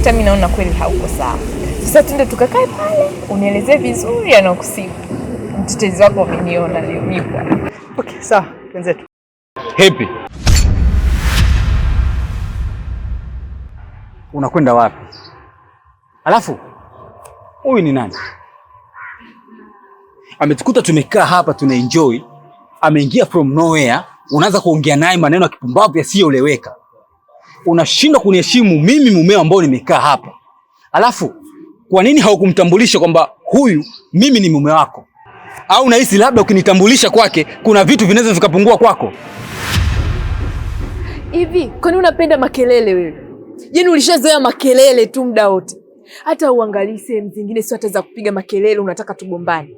hata mi naona kweli hauko sawa. Sasa tuende tukakae pale, unielezee vizuri anaokusifu. Mtetezi wako ameniona leo nipo. Okay, sawa, wenzetu. Hepi, Unakwenda wapi? Alafu huyu ni nani? Ametukuta tumekaa hapa tuna enjoy, ameingia from nowhere, unaanza kuongea naye maneno ya kipumbavu yasiyoeleweka unashindwa kuniheshimu mimi mumeo ambao nimekaa hapa. Alafu kwa nini haukumtambulisha kwamba huyu mimi ni mume wako? Au unahisi labda ukinitambulisha kwake kuna vitu vinaweza vikapungua kwako? Hivi kwani unapenda makelele wewe? Yaani ulishazoea makelele tu muda wote, hata uangalii sehemu zingine, sio hata za kupiga makelele, unataka tugombane.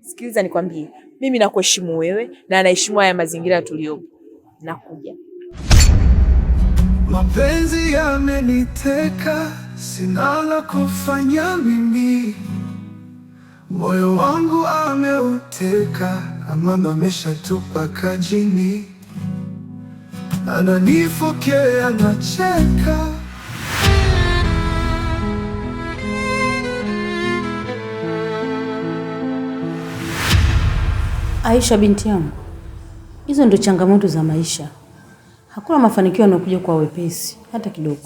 Sikiliza nikwambie, mimi nakuheshimu wewe na naheshimu haya mazingira tuliyopo. Nakuja. Mapenzi yameniteka, sina la kufanya mimi. Moyo wangu ameuteka, amama ameshatupa kajini. Ananifokea, anacheka Aisha binti yangu, hizo ndo changamoto za maisha. Hakuna mafanikio yanayokuja kwa wepesi hata kidogo.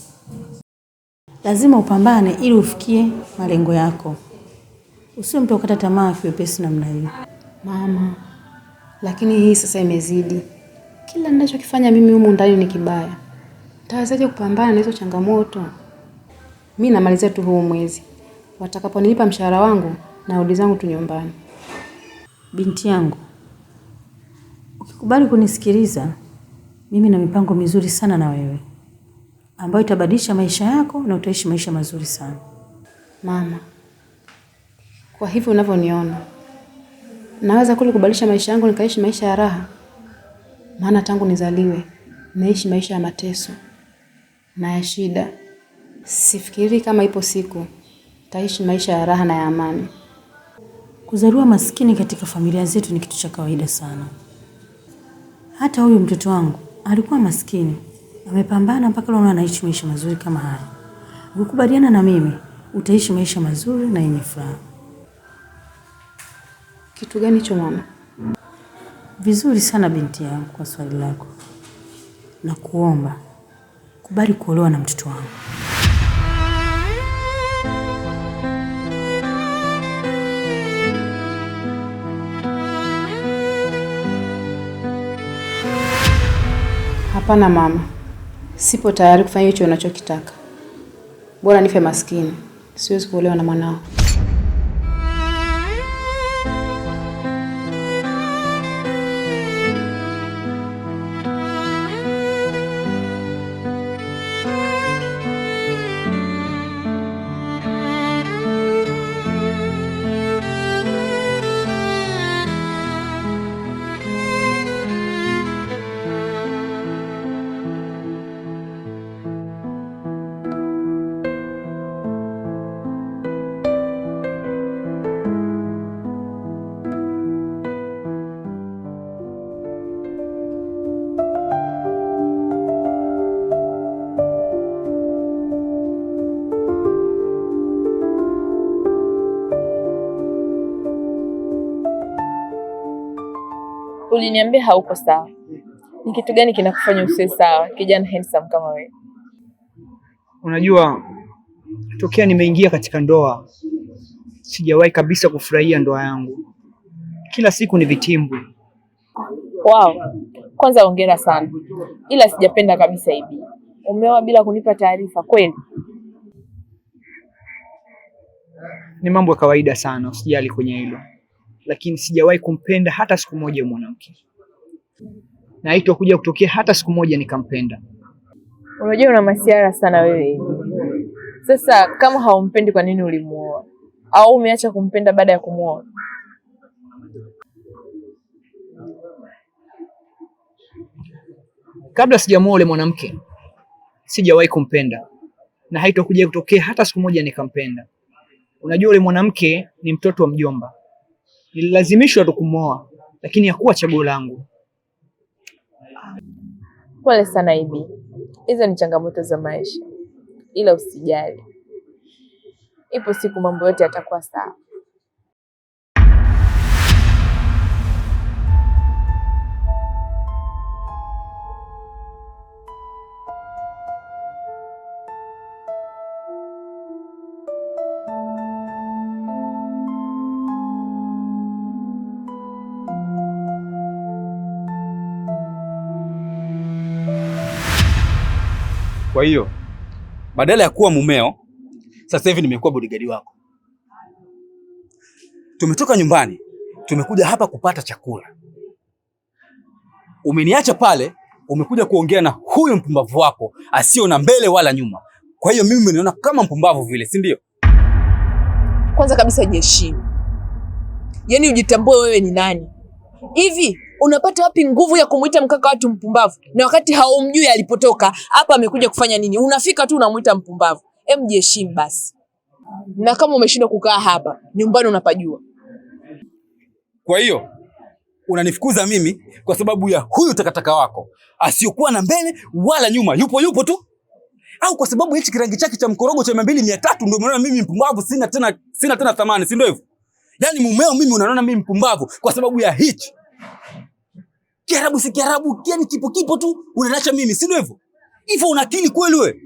Lazima upambane ili ufikie malengo yako. Usiwe mtu ukata tamaa kiwepesi namna hiyo. Mama, lakini hii sasa imezidi. Kila ninachokifanya mimi humu ndani ni kibaya. tawezaje kupambana na hizo changamoto? Mimi namalizia tu huu mwezi, watakaponilipa mshahara wangu narudi zangu tu nyumbani. Binti yangu, ukikubali kunisikiliza mimi na mipango mizuri sana na wewe ambayo itabadilisha maisha yako na utaishi maisha mazuri sana mama. Kwa hivyo unavyoniona, naweza kule kubadilisha maisha yangu nikaishi maisha ya raha? Maana tangu nizaliwe naishi maisha ya mateso na ya shida. Sifikiri kama ipo siku taishi maisha ya raha na ya amani. Kuzaliwa maskini katika familia zetu ni kitu cha kawaida sana. Hata huyu mtoto wangu alikuwa maskini, amepambana mpaka leo anaishi maisha mazuri kama haya. Ukikubaliana na mimi, utaishi maisha mazuri na yenye furaha. Kitu gani hicho mama? Vizuri sana binti yangu, kwa swali lako, na kuomba kubali kuolewa na mtoto wangu. Hapana mama, sipo tayari kufanya hicho unachokitaka. Bora nife maskini, siwezi kuolewa na mwanao. uliniambia hauko sawa. Ni kitu gani kinakufanya usiwe sawa, kijana handsome kama wewe? Unajua, tokea nimeingia katika ndoa sijawahi kabisa kufurahia ndoa yangu, kila siku ni vitimbu. Wow, kwanza hongera sana, ila sijapenda kabisa hivi. Umeoa bila kunipa taarifa kweli? Ni mambo ya kawaida sana, usijali kwenye hilo lakini sijawahi kumpenda hata siku moja mwanamke, na haitokuja kutokea hata siku moja nikampenda. Unajua una masiara sana wewe. Sasa kama haumpendi, kwa nini ulimuoa? Au umeacha kumpenda baada ya kumuoa? Kabla sijamuoa yule mwanamke, sijawahi kumpenda na haitokuja kutokea hata siku moja nikampenda. Unajua yule mwanamke ni mtoto wa mjomba, nililazimishwa tu kumwoa, lakini hakuwa chaguo langu. Pole sana Ibi, hizo ni changamoto za maisha, ila usijali, ipo siku mambo yote yatakuwa sawa. Kwa hiyo badala ya kuwa mumeo, sasa hivi nimekuwa bodyguard wako. Tumetoka nyumbani, tumekuja hapa kupata chakula. Umeniacha pale, umekuja kuongea na huyo mpumbavu wako asio na mbele wala nyuma. Kwa hiyo mimi naona kama mpumbavu vile, si ndio? Kwanza kabisa jiheshimu, yaani ujitambue wewe ni nani. Hivi unapata wapi nguvu ya kumuita mkaka watu mpumbavu, na wakati haumjui alipotoka, hapa amekuja kufanya nini? Unafika tu unamuita mpumbavu. Em, jiheshimu basi, na kama umeshindwa kukaa hapa nyumbani, unapajua. Kwa hiyo unanifukuza mimi kwa sababu ya huyu takataka wako asiyokuwa na mbele wala nyuma, yupo yupo tu, au kwa sababu hichi kirangi chake cha mkorogo cha mia mbili mia tatu ndio unaona mimi mpumbavu, sina tena sina tena thamani, si ndio hivyo? Yaani mumeo mimi unaona mimi mpumbavu kwa sababu ya hichi Kiarabu si Kiarabu, yani kipo kipo tu unanacha mimi, si ndio hivyo? Hivyo una akili kweli wewe?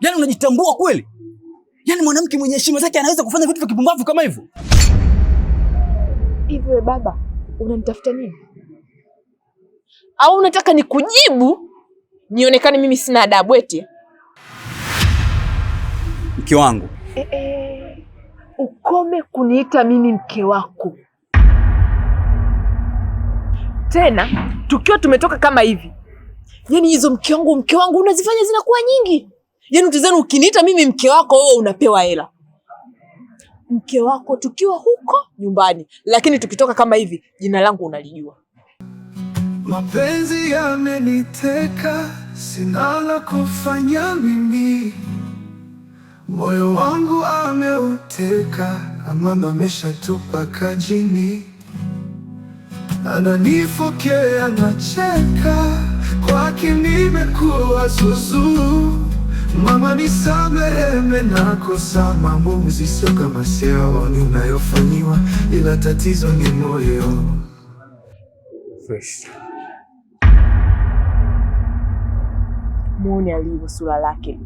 Yaani unajitambua kweli? Yaani mwanamke mwenye heshima zake anaweza kufanya vitu vya kipumbavu kama hivyo? Hivyo wewe baba, unanitafuta nini? Au unataka nikujibu nionekane mimi sina adabu eti? Mke wangu. Eh, eh, ukome kuniita mimi mke wako tena tukiwa tumetoka kama hivi. Yaani hizo mke wangu mke wangu unazifanya zinakuwa nyingi. Yaani utizani ukiniita mimi mke wako wewe unapewa hela. Mke wako tukiwa huko nyumbani, lakini tukitoka kama hivi jina langu unalijua. Mapenzi yameniteka, sina la kufanya mimi. Moyo wangu ameuteka, amama ameshatupa kajini ananifokea, anacheka kwake nimekuwa zuzu. Mama nisamehe, nakosa maamuzi sio kama sioni unayofanyiwa, ila tatizo ni moyo fresh. Muone alivyo sura lake.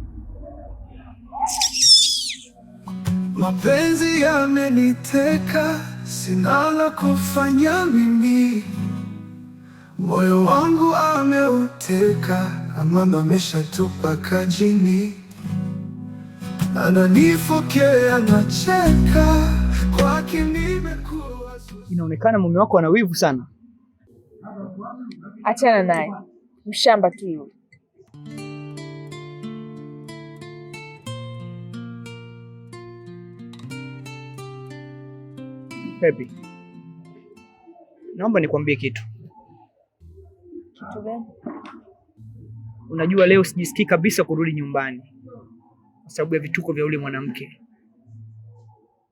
Mapenzi yameniteka sina la kufanya mimi, moyo wangu ameuteka, amama ameshatupa kajini, ananifokea, anacheka kwake nimekuwa. Inaonekana mume wako ana wivu sana. Achana naye, mshamba tu. Pepi, naomba nikwambie kitu. Kitu gani? Unajua leo sijisikii kabisa kurudi nyumbani kwa sababu ya vituko vya yule mwanamke.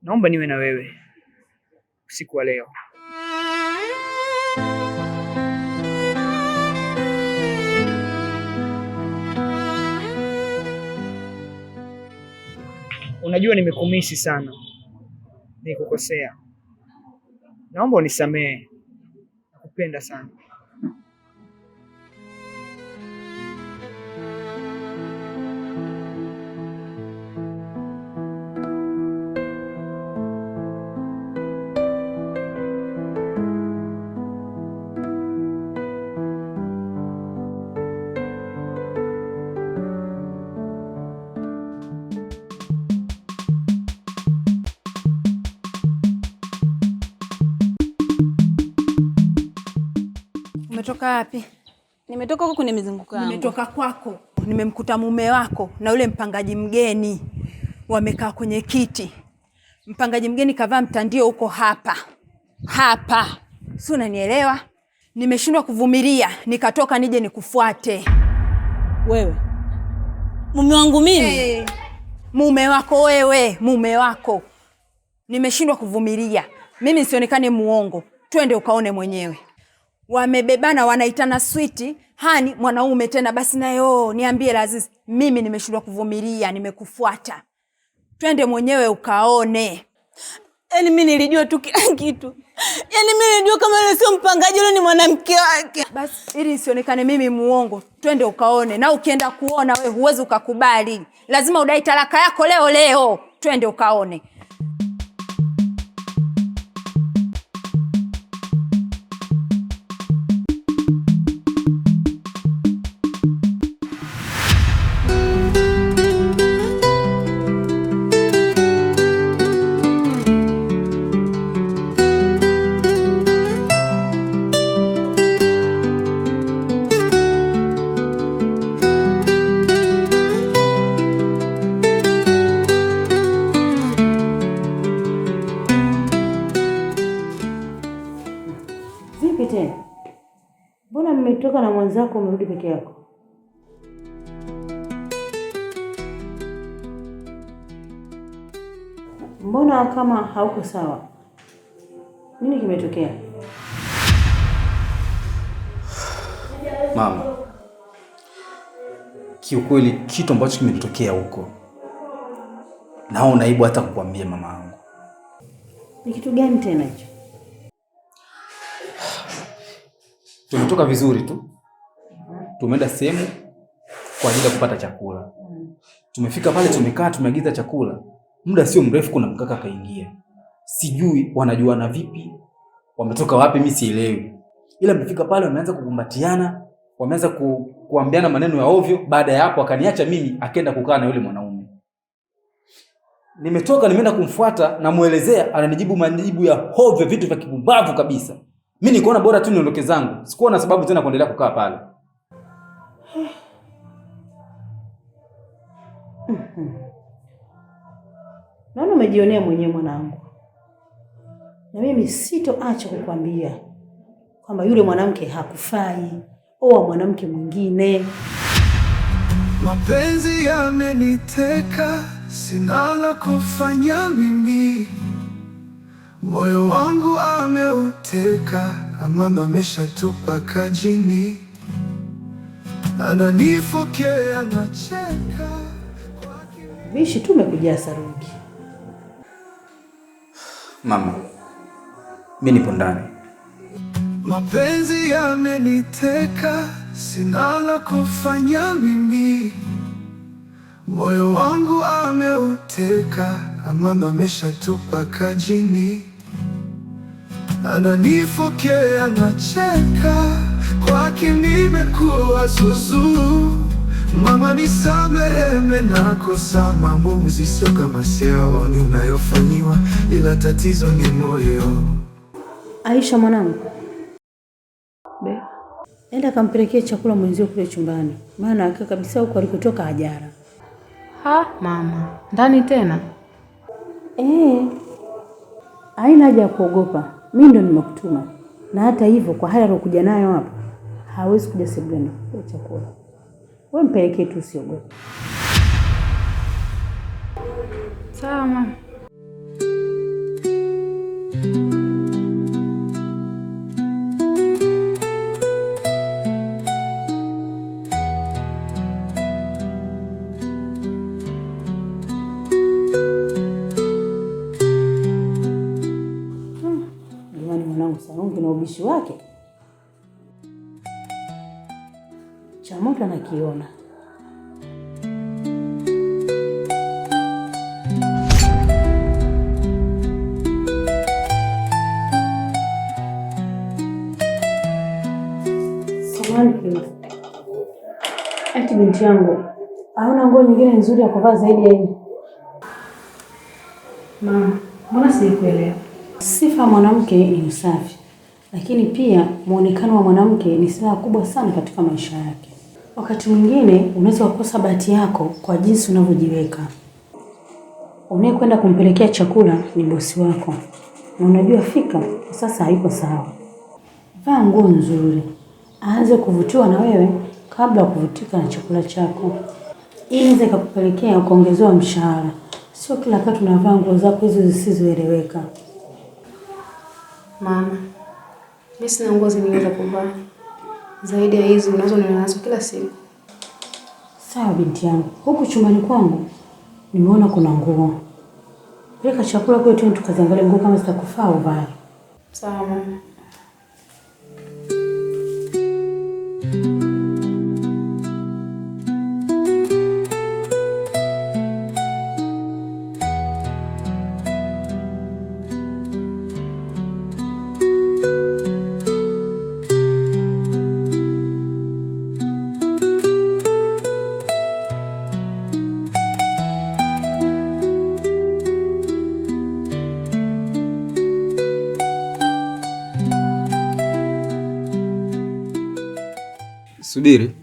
Naomba niwe na wewe usiku wa leo. Unajua nimekumisi sana, nikukosea naomba unisamehe, nakupenda sana. umetoka wapi? Nimetoka huko kwenye mizunguko yangu. Nimetoka kwako, nimemkuta mume wako na yule mpangaji mgeni, wamekaa kwenye kiti. Mpangaji mgeni kavaa mtandio huko hapa hapa, si unanielewa? Nimeshindwa kuvumilia, nikatoka nije nikufuate wewe. Mume wangu mimi? Hey, mume wako wewe, mume wako. Nimeshindwa kuvumilia mimi, sionekane muongo. Twende ukaone mwenyewe wamebebana wanaitana switi hani mwanaume tena basi naye oo oh, niambie lazizi mimi nimeshindwa kuvumilia nimekufuata twende mwenyewe ukaone yani mi nilijua tu kila kitu yani mi nilijua kama yule sio mpangaji ule ni mwanamke wake basi ili isionekane mimi muongo twende ukaone na ukienda kuona we huwezi ukakubali lazima udai talaka yako leo leo twende ukaone yako umerudi peke yako. Mbona kama hauko sawa? Nini kimetokea? Mama, kiukweli kitu ambacho kimetokea huko naona aibu hata kukuambia mama yangu. Ni kitu gani tena hicho? Tumetoka vizuri tu tumeenda sehemu kwa ajili ya kupata chakula. Tumefika pale, tumekaa, tumeagiza chakula. Muda sio mrefu, kuna mkaka kaingia, sijui wanajuana vipi, wametoka wapi, mimi sielewi, ila mfika pale, wameanza kukumbatiana, wameanza ku, kuambiana maneno ya ovyo. Baada ya hapo, akaniacha mimi, akaenda kukaa na yule mwanaume. Nimetoka nimeenda kumfuata, namwelezea, ananijibu majibu ya hovyo, vitu vya kibumbavu kabisa. Mimi nikaona bora tu niondoke zangu, na sababu tena kuendelea kukaa pale. Hmm. Naona umejionea mwenyewe mwanangu, na mimi sitoacha kukwambia kwamba yule mwanamke hakufai, oa mwanamke mwingine. Mapenzi yameniteka, sina la kufanya mimi, moyo wangu ameuteka, amama ameshatupa kajini, ananifokea, anacheka Vishi tu umekujaa sarungi. Mama, mi nipo ndani. Mapenzi yameniteka, sina la kufanya mimi. Moyo wangu ameuteka, amama ameshatupa kajini. Ananifokea, anacheka, kwake nimekuwa zuzu Mama nisamehe, menakosa mambo mzisio kama sio unayofanyiwa, ila tatizo ni moyo. Aisha mwanangu, enda kampelekea chakula mwenzio kule chumbani, maana hakika kabisa huko alikotoka ajara. Ha mama, ndani tena? Eh, haina haja ya kuogopa, mi ndo nimekutuma, na hata hivyo kwa hali alokuja nayo hapa hawezi kuja sebuleni chakula wewe mpeleke tu, usiogope. Sawa mama. Hmm. Jamani, mwanangu Sarungi na ubishi wake mtu anakiona. Eti binti yangu, hauna nguo nyingine nzuri ya kuvaa zaidi ya hii? Ma, mbona sikuelewa? Sifa mwanamke ni usafi, lakini pia mwonekano wa mwanamke ni silaha kubwa sana katika maisha yake. Wakati mwingine unaweza kukosa bahati yako kwa jinsi unavyojiweka. Unayekwenda kumpelekea chakula ni bosi wako, na unajua fika sasa haiko sawa. Vaa nguo nzuri, aanze kuvutiwa na wewe kabla ya kuvutika na chakula chako, ili inaweza ikakupelekea mshahara. Sio kila wakati unavaa nguo zako hizo zisizoeleweka. Mama, mimi sina nguo zingine za kuvaa zaidi ya hizi unazonena nazo kila siku. Sawa binti yangu, huku chumbani kwangu nimeona kuna nguo, peleka chakula kwetu tukaziangalia nguo kama zitakufaa uvae. Sawa mama. subiri.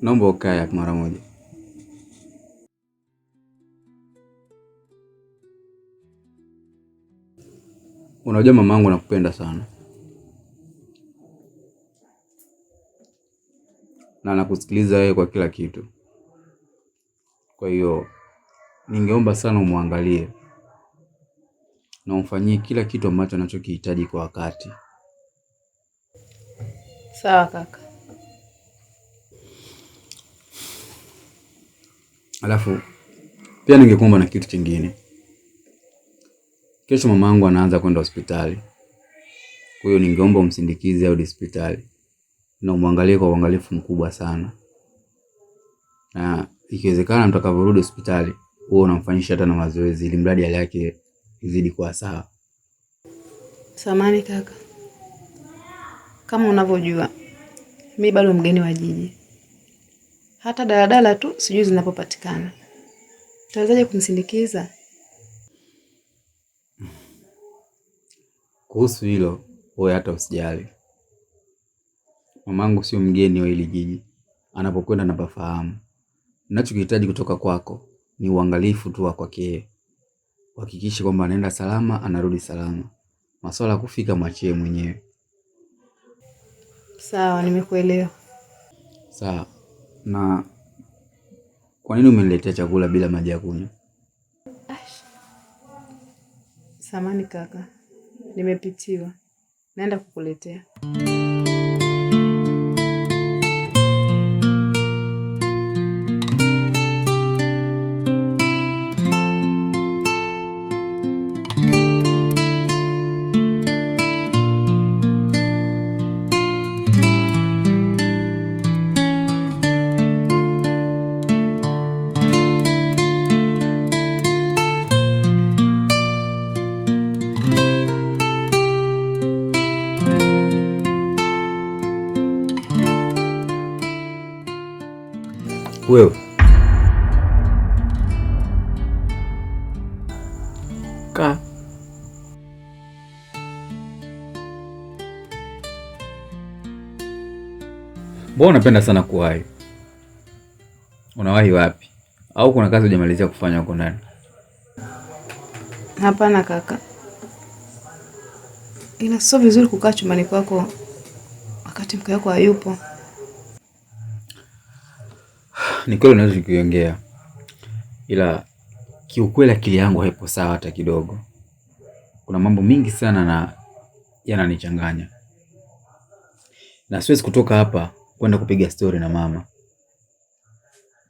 Naomba ukae mara moja. Unajua mamangu nakupenda sana na nakusikiliza wewe kwa kila kitu, kwa hiyo ningeomba sana umwangalie na umfanyie kila kitu ambacho anachokihitaji kwa wakati. Sawa kaka. Alafu pia ningekuomba na kitu kingine. Kesho mama anaanza kwenda hospitali, kwa hiyo ningeomba umsindikize au hospitali na umwangalie kwa uangalifu mkubwa sana, na ikiwezekana, mtakavyorudi hospitali huo unamfanyisha hata na mazoezi, ili mradi hali yake izidi kuwa sawa. Samani kaka, kama unavyojua mi bado mgeni wa jiji, hata daladala tu sijui zinapopatikana. Utawezaje kumsindikiza? Kuhusu hilo wewe hata usijali, mamangu sio mgeni wa hili jiji, anapokwenda napafahamu. Ninachokihitaji kutoka kwako ni uangalifu tu wa kwake uhakikishe kwamba anaenda salama, anarudi salama. Maswala ya kufika mwachie mwenyewe. Sawa, nimekuelewa. Sawa. Na kwa nini umeniletea chakula bila maji ya kunywa? Samani kaka, nimepitiwa. Naenda kukuletea. wewe ka mbona unapenda sana kuwahi? Unawahi wapi? Au kuna kazi hujamalizia kufanya huko ndani? Hapana kaka, ila sio vizuri kukaa chumbani kwako wakati mke wako hayupo ni kweli unaweza kuongea, ila kiukweli akili yangu haipo sawa hata kidogo. Kuna mambo mingi sana na yananichanganya, na siwezi kutoka hapa kwenda kupiga stori na mama.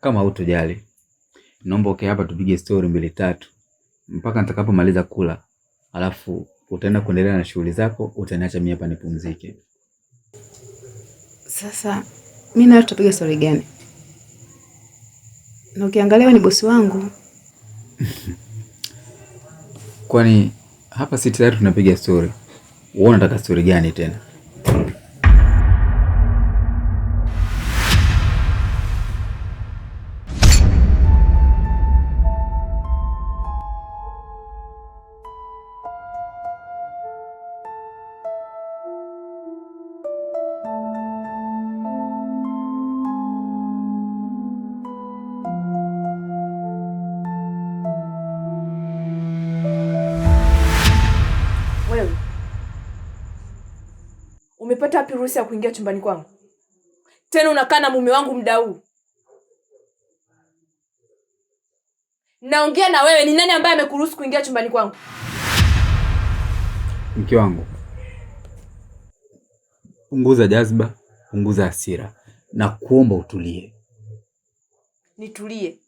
Kama hutojali, naomba ukae hapa tupige stori mbili tatu mpaka nitakapomaliza kula, alafu utaenda kuendelea na shughuli zako, utaniacha mimi hapa nipumzike. Sasa mimi nayo tutapiga stori gani? na ukiangalia ni bosi wangu. Kwani hapa si tayari tunapiga stori? Wewe unataka stori gani tena? Umepata wapi ruhusa ya kuingia chumbani kwangu? Tena unakaa na mume wangu muda huu? Naongea na wewe, ni nani ambaye amekuruhusu kuingia chumbani kwangu? Mke wangu, punguza jazba, punguza hasira na kuomba utulie. Nitulie?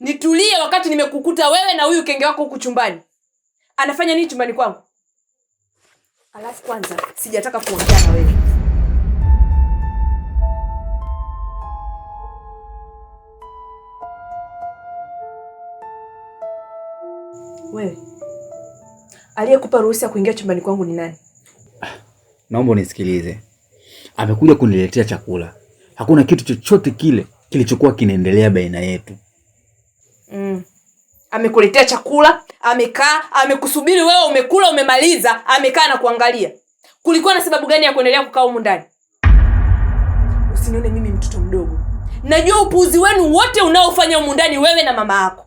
Nitulie wakati nimekukuta wewe na huyu kenge wako huku chumbani? Anafanya nini chumbani kwangu? Alafu kwanza sijataka kuongea na wewe. Wewe aliyekupa ruhusa ya kuingia chumbani kwangu ni nani? Ah, naomba unisikilize. Amekuja kuniletea chakula, hakuna kitu chochote kile kilichokuwa kinaendelea baina yetu. Mm. Amekuletea chakula, amekaa, amekusubiri wewe, umekula, umemaliza, amekaa na kuangalia. Kulikuwa na sababu gani ya kuendelea kukaa humu ndani? Usinione mimi mtoto mdogo, najua upuuzi wenu wote unaofanya humu ndani, wewe na mama yako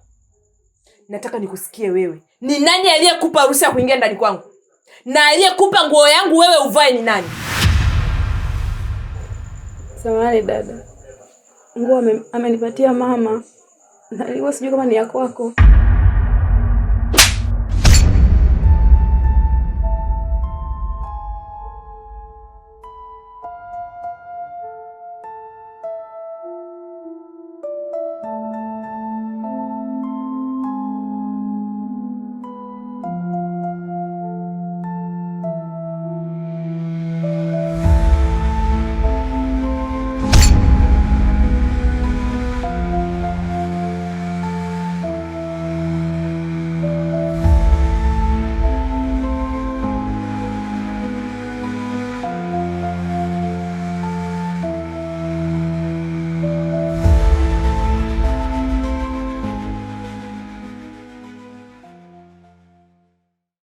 nataka nikusikie wewe, ni nani aliyekupa ruhusa ya kuingia ndani kwangu na aliyekupa nguo yangu wewe uvae ni nani? Samahani dada, nguo amenipatia mama, na alikuwa sijui kama ni ya kwako.